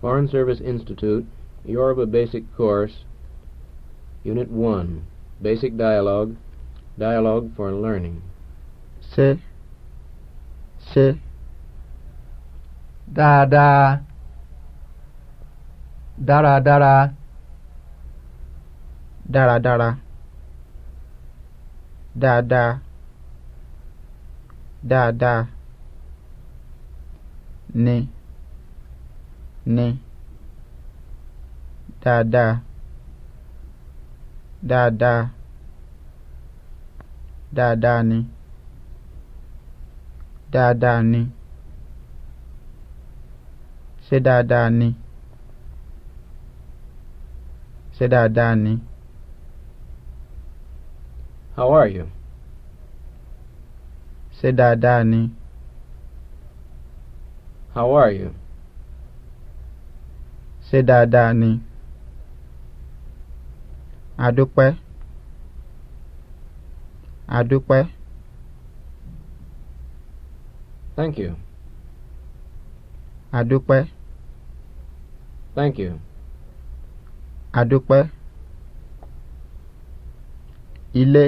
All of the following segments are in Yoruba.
Foreign Service Institute, Yoruba Basic Course, Unit 1, Basic Dialogue, Dialogue for Learning. Ṣé ṣé Da da. Dara dara. Dara dara. Da da. Da da. Ne ní dáadáa dáadáa dáadáa ni dáadáa ni ṣé dáadáa ni ṣé dáadáa ni. How are you? Ṣé dáadáa ni. How are you? ṣé dáadáa ni adúpẹ́ adúpẹ́. thank you. adúpẹ́. thank you. adúpẹ́. ilé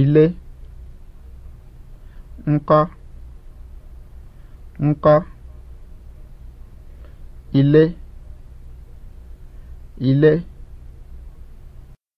ilé ńkọ́ ńkọ́ ilé ilé